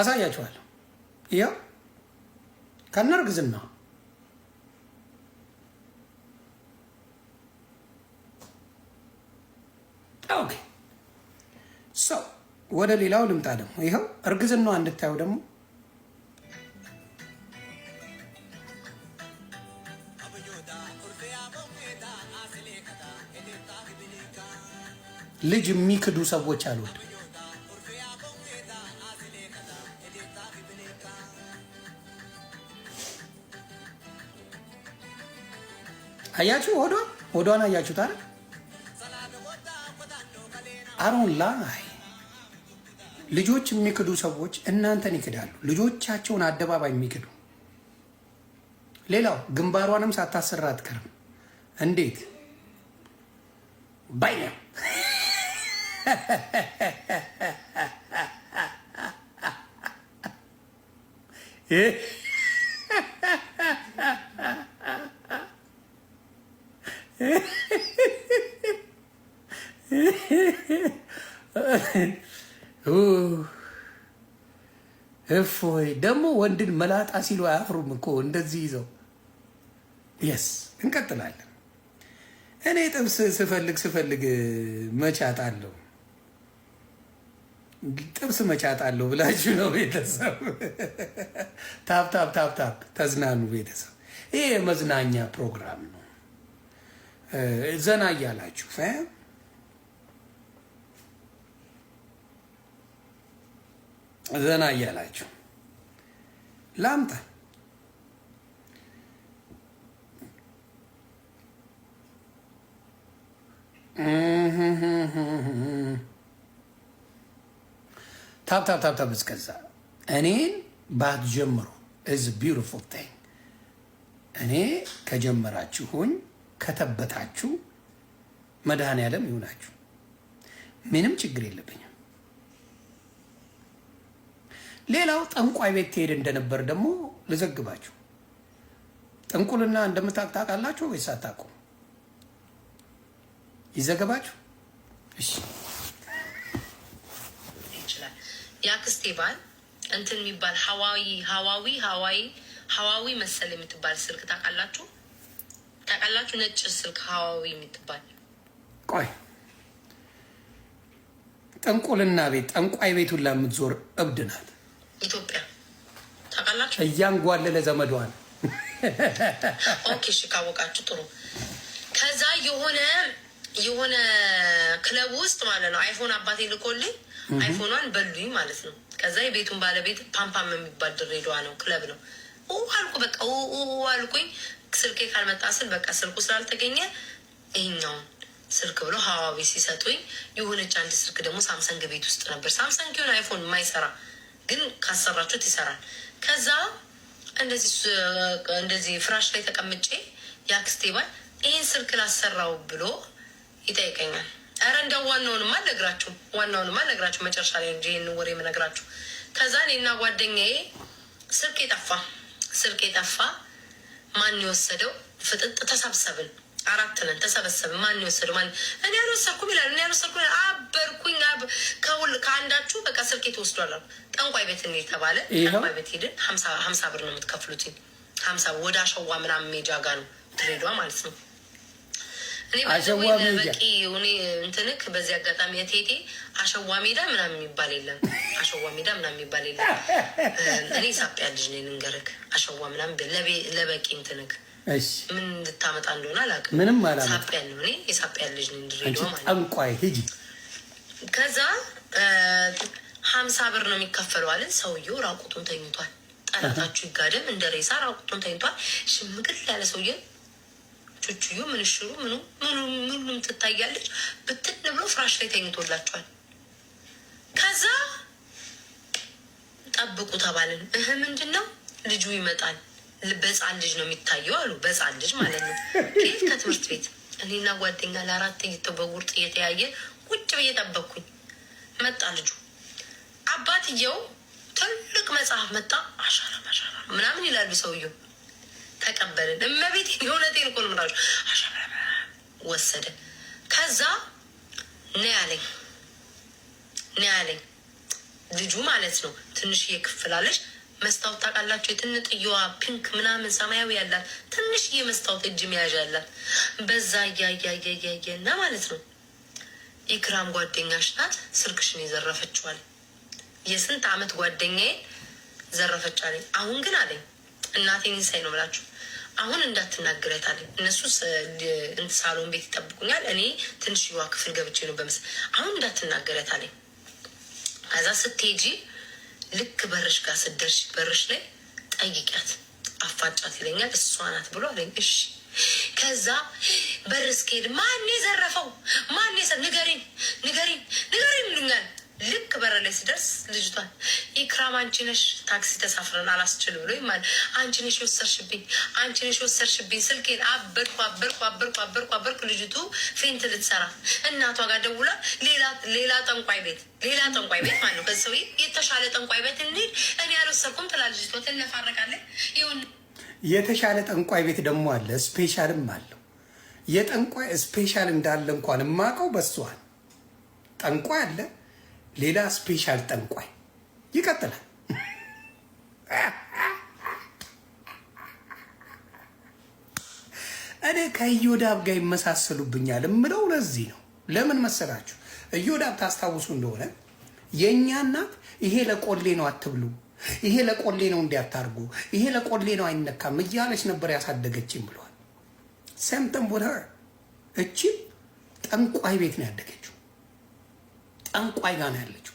አሳያችኋለሁ። ይኸው ከነ እርግዝና ኦኬ ሰው ወደ ሌላው ልምጣ። ደግሞ ይኸው እርግዝናዋ እንድታዩ ደግሞ ልጅ የሚክዱ ሰዎች አልወድም። አያችሁ፣ ሆዷ ሆዷን አያችሁ ታረክ አሮን ላይ ልጆች የሚክዱ ሰዎች እናንተን ይክዳሉ። ልጆቻቸውን አደባባይ የሚክዱ ሌላው ግንባሯንም ሳታሰራ አትቀርም። እንዴት ባይ እፎይ ደግሞ ወንድን መላጣ ሲሉ አያፍሩም እኮ እንደዚህ ይዘው። የስ እንቀጥላለን። እኔ ጥብስ ስፈልግ ስፈልግ መቻጥ አለው ጥብስ መቻጥ አለው ብላችሁ ነው ቤተሰብ። ታፕ ታፕ ታፕ ታፕ ተዝናኑ ቤተሰብ። ይሄ የመዝናኛ ፕሮግራም ነው። ዘና እያላችሁ ዘና እያላችሁ ላምጣ ታብ ታብ ታብ ታብ እስከዛ እኔን ባትጀምሩ ኢዝ ቢዩቲፉል ቲንግ እኔ ከጀመራችሁኝ ከተበታችሁ መድኃኔ ዓለም ይሁናችሁ። ምንም ችግር የለብኝም። ሌላው ጠንቋይ ቤት ትሄድ እንደነበር ደግሞ ልዘግባችሁ። ጥንቁልና እንደምታውቅ ታውቃላችሁ ወይስ አታውቁም? ይዘገባችሁ። እሺ የአክስቴ ባል እንትን የሚባል ሀዋዊ ሀዋዊ ሀዋዊ ሀዋዊ መሰል የምትባል ስልክ ታውቃላችሁ ታውቃላችሁ? ነጭ ስልክ ሀዋዊ የምትባል ቆይ፣ ጥንቁልና ቤት ጠንቋይ ቤቱን ለምትዞር እብድ ናት። ኢትዮጵያ ታውቃላችሁ? እያንጓለለ ዘመዷን ኦኬ፣ እሺ፣ ካወቃችሁ ጥሩ። ከዛ የሆነ የሆነ ክለብ ውስጥ ማለት ነው አይፎን አባቴ ልኮልኝ አይፎኗን በሉኝ ማለት ነው። ከዛ የቤቱን ባለቤት ፓምፓም የሚባል ድሬዳዋ ነው ክለብ ነው አልኩ። በቃ አልኩኝ። ስልኬ ካልመጣ ስል በቃ ስልኩ ስላልተገኘ ይህኛውን ስልክ ብሎ ሀዋዊ ሲሰጡኝ የሆነች አንድ ስልክ ደግሞ ሳምሰንግ ቤት ውስጥ ነበር። ሳምሰንግ ይሁን አይፎን የማይሰራ ግን ካሰራችሁት ይሰራል። ከዛ እንደዚህ ፍራሽ ላይ ተቀምጬ የአክስቴ ባል ይህን ስልክ ላሰራው ብሎ ይጠይቀኛል። ኧረ እንደው ዋናውንማ አልነግራችሁም፣ ዋናውንማ አልነግራችሁም። መጨረሻ ላይ እንጂ ይህን ወሬ የምነግራችሁ። ከዛ እኔና ጓደኛዬ ስልክ የጠፋ ስልክ የጠፋ ማን የወሰደው? ፍጥጥ ተሰብሰብን፣ አራት ነን ተሰበሰብን። ማን የወሰደው? ማን እኔ አልወሰድኩም ይላል። እኔ አልወሰድኩም ይላል። አበርኩኝ ከአንዳችሁ በቃ ስልኬ ተወስዷል። ጠንቋይ ቤት እኔ የተባለ ጠንቋይ ቤት ሄድን። ሀምሳ ብር ነው የምትከፍሉትኝ። ሀምሳ ወደ አሸዋ ምናምን ሜጃ ጋ ነው ትሬዷ ማለት ነው። አሸዋ በቂ ሆኔ እንትንክ በዚህ አጋጣሚ ቴቴ አሸዋ ሜዳ ምናምን የሚባል የለም። አሸዋ ሜዳ ምናምን የሚባል የለም። እኔ ሳጵያ ልጅ ነኝ ልንገርክ። አሸዋ ምናምን ለበቂ እንትንክ ምን እንድታመጣ እንደሆነ አላውቅም። ምንም አላ ሳጵያ ነው። እኔ የሳጵያ ልጅ ነኝ ድሬዳዋ ማለት ጠንቋይ ሂጂ። ከዛ ሀምሳ ብር ነው የሚከፈለው አለን። ሰውየው ራቁቱን ተኝቷል። ጠላታችሁ ይጋደም እንደ ሬሳ ራቁቱን ተኝቷል። ሽምግል ያለ ሰውዬ ጩቹዩ ምንሽሩ ምኑ ምኑም ትታያለች። ብትን ብሎ ፍራሽ ላይ ተኝቶላቸዋል። ከዛ ጠብቁ ተባለን እህ ምንድን ነው ልጁ ይመጣል። በፃን ልጅ ነው የሚታየው አሉ። በፃን ልጅ ማለት ነው። ከየት ከትምህርት ቤት እኔና ጓደኛ ለአራት በጉርጥ እየተያየ ቁጭ ብዬ ጠበቅኩኝ። መጣ ልጁ። አባትየው ትልቅ መጽሐፍ መጣ። አሻራ አሻራ ምናምን ይላሉ ሰውየው ተቀበልን። እመቤት የእውነቴን እኮ ነው የምላችሁ። ወሰደ። ከዛ ነ ያለኝ ነ ያለኝ ልጁ ማለት ነው። ትንሽዬ ክፍል አለች መስታወት ታውቃላችሁ? የትንጥየዋ ፒንክ ምናምን ሰማያዊ ያላት ትንሽዬ መስታወት እጅ መያዣ ያላት በዛ እያያያያያና ማለት ነው ኢክራም ጓደኛሽ ናት ስልክሽን የዘረፈችዋል። የስንት አመት ጓደኛዬን ዘረፈች አለኝ። አሁን ግን አለኝ እናቴን ሳይ ነው ብላችሁ አሁን እንዳትናገረታል እነሱ ሳሎን ቤት ይጠብቁኛል። እኔ ትንሽ ዋ ክፍል ገብቼ ነው በምስ አሁን እንዳትናገረታል። ከዛ ስትሄጂ ልክ በርሽ ጋር ስደርሽ በርሽ ላይ ጠይቂያት፣ አፋጫት ይለኛል። እሷ ናት ብሎ አለኝ። እሺ ከዛ በር እስክሄድ ማን የዘረፈው ማን ንገሪኝ፣ ንገሪኝ፣ ንገሪን ንገሪን ንገሪን ይሉኛል ልክ በር ላይ ስደርስ ልጅቷን ኢክራም አንቺ ነሽ ታክሲ ተሳፍረን አላስችል ብሎ ይማል አንቺ ነሽ የወሰድሽብኝ፣ አንቺ ነሽ የወሰድሽብኝ ስልኬን አበርኩ አበርኩ አበርኩ አበርኩ አበርኩ። ልጅቱ ፌንት ልትሰራ እናቷ ጋር ደውላ ሌላ ሌላ ጠንቋይ ቤት ሌላ ጠንቋይ ቤት ማለት ነው። ከዚህ የተሻለ ጠንቋይ ቤት እንሂድ፣ እኔ አልወሰድኩም ትላለች ልጅቷ፣ ትነፋረቃለ ይሁን የተሻለ ጠንቋይ ቤት ደግሞ አለ፣ ስፔሻልም አለው። የጠንቋይ ስፔሻል እንዳለ እንኳን የማውቀው በሷል ጠንቋይ አለ ሌላ ስፔሻል ጠንቋይ ይቀጥላል። እኔ ከኢዮዳብ ጋር ይመሳሰሉብኛል የምለው ለዚህ ነው። ለምን መሰላችሁ? ኢዮዳብ ታስታውሱ እንደሆነ የእኛ እናት ይሄ ለቆሌ ነው አትብሉ፣ ይሄ ለቆሌ ነው እንዲያታርጉ፣ ይሄ ለቆሌ ነው አይነካም እያለች ነበር ያሳደገችም ብለዋል። ሰምተን ቦታ እቺ ጠንቋይ ቤት ነው ያደገችው። ጠንቋይ ጋር ነው ያለችው።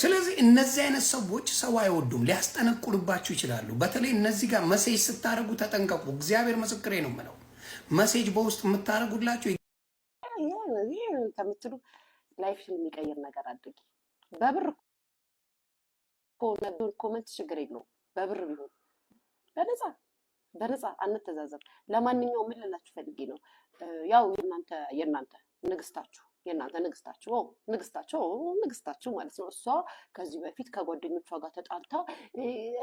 ስለዚህ እነዚህ አይነት ሰዎች ሰው አይወዱም፣ ሊያስጠነቁልባችሁ ይችላሉ። በተለይ እነዚህ ጋር መሴጅ ስታደርጉ ተጠንቀቁ። እግዚአብሔር ምስክሬ ነው የምለው መሴጅ በውስጥ የምታደርጉላቸው ከምትሉ ላይፍሽን የሚቀይር ነገር አድርጊ። በብር ኮመንት ችግር የለውም በብር ቢሆን በነፃ በነፃ አንተዛዘብ። ለማንኛውም ምን ልላችሁ ፈልጌ ነው ያው የእናንተ የእናንተ ንግስታችሁ የእናንተ ንግስታችሁ ንግስታቸው ንግስታችሁ ማለት ነው። እሷ ከዚህ በፊት ከጓደኞቿ ጋር ተጣልታ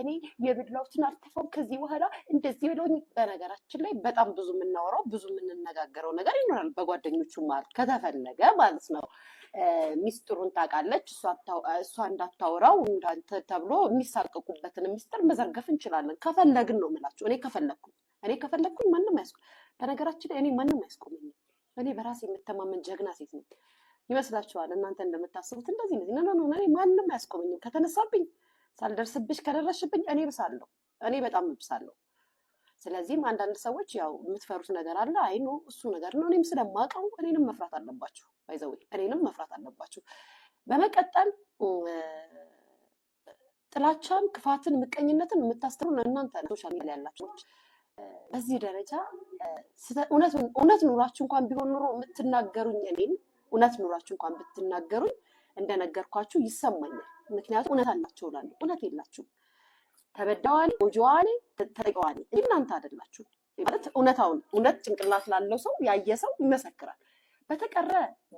እኔ የብድላውትን አልተፋም፣ ከዚህ በኋላ እንደዚህ ብለው። በነገራችን ላይ በጣም ብዙ የምናወራው ብዙ የምንነጋገረው ነገር ይኖራል በጓደኞቹ ማለት ከተፈለገ ማለት ነው። ሚስጥሩን ታውቃለች እሷ እንዳታወራው እንዳንተ ተብሎ የሚሳቀቁበትን ሚስጥር መዘርገፍ እንችላለን ከፈለግን ነው የምላችሁ። እኔ ከፈለግኩኝ እኔ ከፈለግኩኝ ማንም አያስቆ በነገራችን ላይ እኔ ማንም አያስቆመኝም እኔ በራሴ የምተማመን ጀግና ሴት ነኝ ይመስላችኋል? እናንተ እንደምታስቡት እንደዚህ እንደዚህ ነው ነው። እኔ ማንም አያስቆመኝም። ከተነሳብኝ ሳልደርስብሽ ከደረስሽብኝ እኔ ብሳለሁ። እኔ በጣም ብሳለሁ። ስለዚህም አንዳንድ ሰዎች ያው የምትፈሩት ነገር አለ። አይ ኖ እሱ ነገር ነው። እኔም ስለማውቀው እኔንም መፍራት አለባችሁ። ባይዘዌ እኔንም መፍራት አለባችሁ። በመቀጠል ጥላቻን፣ ክፋትን፣ ምቀኝነትን የምታስተሩ እናንተ ሶሻል ሚዲያ ያላችሁ በዚህ ደረጃ እውነት ኑሯችሁ እንኳን ቢሆን ኑሮ የምትናገሩኝ እኔን እውነት ኑሯችሁ እንኳን ብትናገሩኝ እንደነገርኳችሁ ይሰማኛል። ምክንያቱም እውነት አላቸው ላለ እውነት የላችሁም። ተበዳዋኔ፣ ጎጂዋኔ፣ ተጠቂዋኔ እናንተ አደላችሁ ማለት እውነታውን እውነት ጭንቅላት ላለው ሰው ያየ ሰው ይመሰክራል። በተቀረ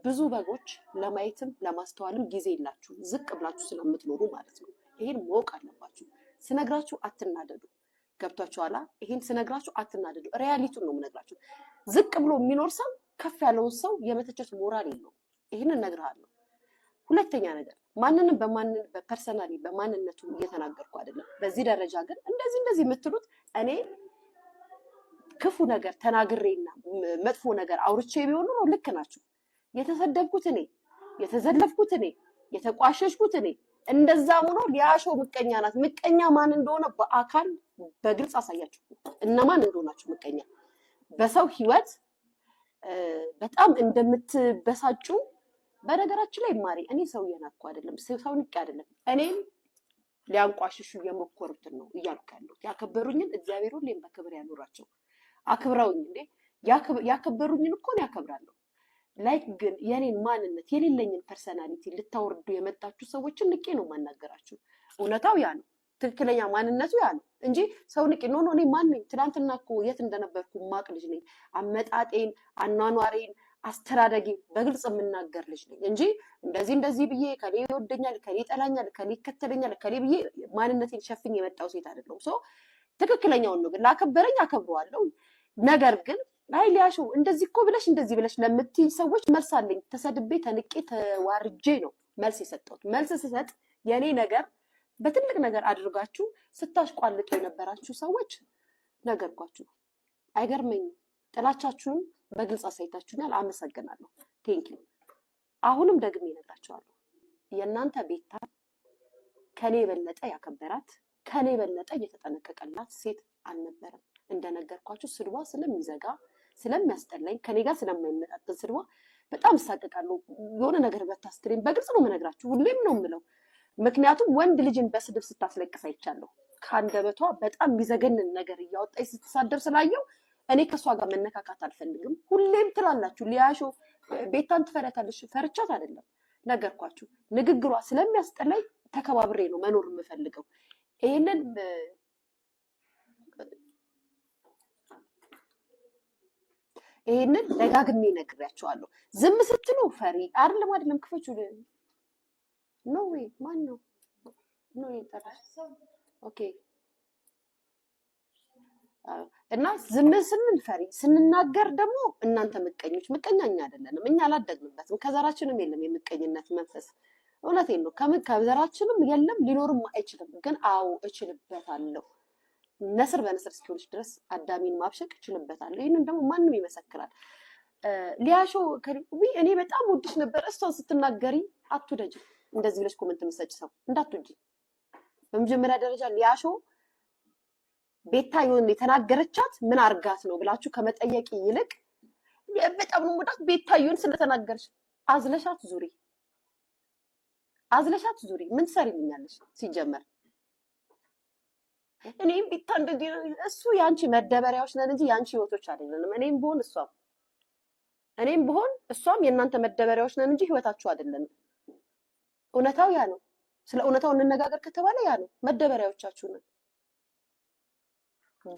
ብዙ በጎች ለማየትም ለማስተዋልም ጊዜ የላችሁ ዝቅ ብላችሁ ስለምትኖሩ ማለት ነው። ይሄን ማወቅ አለባችሁ። ስነግራችሁ አትናደዱ። ገብቷችኋላ? ይሄን ስነግራችሁ አትናደዱ። ሪያሊቱን ነው የምነግራችሁ። ዝቅ ብሎ የሚኖር ሰው ከፍ ያለውን ሰው የመተቸት ሞራል የለውም። ይህን እነግርሃለሁ። ሁለተኛ ነገር ማንንም በማንን በፐርሰናሊ በማንነቱ እየተናገርኩ አይደለም። በዚህ ደረጃ ግን እንደዚህ እንደዚህ የምትሉት እኔ ክፉ ነገር ተናግሬና መጥፎ ነገር አውርቼ ቢሆን ነው ልክ ናችሁ። የተሰደብኩት እኔ፣ የተዘለፍኩት እኔ፣ የተቋሸሽኩት እኔ እንደዛ ሆኖ ሊያሾ ምቀኛ ናት። ምቀኛ ማን እንደሆነ በአካል በግልጽ አሳያችሁ እነማን እንደሆናችሁ ምቀኛ በሰው ህይወት በጣም እንደምትበሳጩ በነገራችን ላይ ማሪ እኔ ሰው እየናኩ አይደለም፣ ሰው ንቄ አይደለም። እኔም ሊያንቋሽሹ የሞከሩትን ነው እያልኩ ያለሁት። ያከበሩኝን እግዚአብሔር ሁሌም በክብር ያኖራቸው። አክብረውኝ እንዴ ያከበሩኝን እኮን ያከብራለሁ። ላይክ ግን የኔን ማንነት የሌለኝን ፐርሰናሊቲ ልታወርዱ የመጣችሁ ሰዎችን ንቄ ነው ማናገራችሁ። እውነታው ያ ነው። ትክክለኛ ማንነቱ ያ ነው እንጂ ሰው ንቄ ኖ ኖ እኔ ማን ነኝ? ትናንትና እኮ የት እንደነበርኩ ማቅ ልጅ ነኝ። አመጣጤን፣ አኗኗሬን፣ አስተዳደጌ በግልጽ የምናገር ልጅ ነኝ እንጂ እንደዚህ እንደዚህ ብዬ ከሌ ይወደኛል፣ ከሌ ይጠላኛል፣ ከሌ ይከተለኛል፣ ከሌ ብዬ ማንነቴን ሸፍኝ የመጣው ሴት አይደለሁም። ትክክለኛውን ነው ግን ላከበረኝ አከብረዋለሁ። ነገር ግን አይ ሊያሹ እንደዚህ እኮ ብለሽ እንደዚህ ብለሽ ለምትይኝ ሰዎች መልስ አለኝ። ተሰድቤ ተንቄ ተዋርጄ ነው መልስ የሰጠሁት። መልስ ስሰጥ የእኔ ነገር በትልቅ ነገር አድርጋችሁ ስታሽቋልጡ የነበራችሁ ሰዎች ነገርኳችሁ። አይገርመኝም። ጥላቻችሁን በግልጽ አሳይታችሁኛል። አመሰግናለሁ። ቴንኪው። አሁንም ደግሜ እነግራችኋለሁ የእናንተ ቤታ ከኔ የበለጠ ያከበራት ከኔ የበለጠ እየተጠነቀቀላት ሴት አልነበረም። እንደነገርኳችሁ ስድቧ ስለሚዘጋ ስለሚያስጠላኝ ከኔ ጋር ስለማይመጣጠን ስድቧ በጣም እሳቀቃለሁ። የሆነ ነገር በታስትሬን በግልጽ ነው የምነግራችሁ፣ ሁሌም ነው የምለው። ምክንያቱም ወንድ ልጅን በስድብ ስታስለቅስ አይቻለሁ። ከአንደበቷ በጣም የሚዘገንን ነገር እያወጣች ስትሳደር ስላየው እኔ ከእሷ ጋር መነካካት አልፈልግም። ሁሌም ትላላችሁ ሊያሾ ቤታን ትፈሪያታለሽ። ፈርቻት አይደለም ነገርኳችሁ፣ ንግግሯ ስለሚያስጠላኝ ተከባብሬ ነው መኖር የምፈልገው። ይህንን ይሄንን ደጋግሜ ነግሬያቸዋለሁ። ዝም ስትሉ ፈሪ አይደለም አይደለም ክፈች ኖ ወይ ማን ነው ኖ ኦኬ። እና ዝም ስንል ፈሪ ስንናገር ደግሞ እናንተ ምቀኞች፣ ምቀኛ እኛ አይደለንም። እኛ አላደግንበትም። ከዘራችንም የለም የምቀኝነት መንፈስ። እውነቴን ነው። ከዘራችንም የለም ሊኖርም አይችልም። ግን አዎ እችልበታለሁ ነስር በነስር እስኪሆንች ድረስ አዳሚን ማብሸቅ እችልበታለሁ። ይህንን ደግሞ ማንም ይመሰክራል። ሊያሾ እኔ በጣም ውድሽ ነበር፣ እሷን ስትናገሪ አትውደጅ፣ እንደዚህ ብለሽ ኮመንት የምትሰጪ ሰው እንዳትውጂ። በመጀመሪያ ደረጃ ሊያሾ ቤታ የሆነ የተናገረቻት ምን አርጋት ነው ብላችሁ ከመጠየቅ ይልቅ በጣም ነው ወዳት ቤታየውን ስለተናገረች አዝለሻት ዙሪ አዝለሻት ዙሪ ምን ትሰሪልኛለሽ ሲጀመር እኔም ቢታ እንደዚህ እሱ የአንቺ መደበሪያዎች ነን እንጂ የአንቺ ህይወቶች አይደለንም። እኔም ብሆን እሷም እኔም ብሆን እሷም የእናንተ መደበሪያዎች ነን እንጂ ህይወታችሁ አይደለንም። እውነታው ያ ነው። ስለ እውነታው እንነጋገር ከተባለ ያ ነው፣ መደበሪያዎቻችሁ ነን።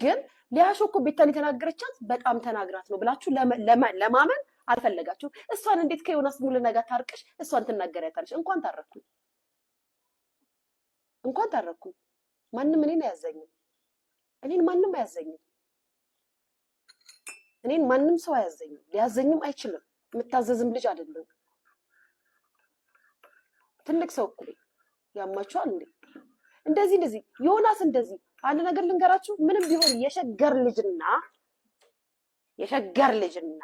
ግን ሊያሾ እኮ ቤታን የተናገረቻት በጣም ተናግራት ነው ብላችሁ ለማመን አልፈለጋችሁም። እሷን እንዴት ከዮናስ ሙሉና ጋር ታርቀሽ እሷን ትናገሪያታለሽ? እንኳን ታረኩኝ እንኳን ታረኩኝ ማንም እኔን አያዘኝም። እኔን ማንም አያዘኝም። እኔን ማንም ሰው አያዘኝም፣ ሊያዘኝም አይችልም። የምታዘዝም ልጅ አይደለም። ትልቅ ሰው እኮ ያማችኋል እንዴ? እንደዚህ እንደዚህ ዮናስ እንደዚህ አንድ ነገር ልንገራችሁ። ምንም ቢሆን የሸገር ልጅና የሸገር ልጅና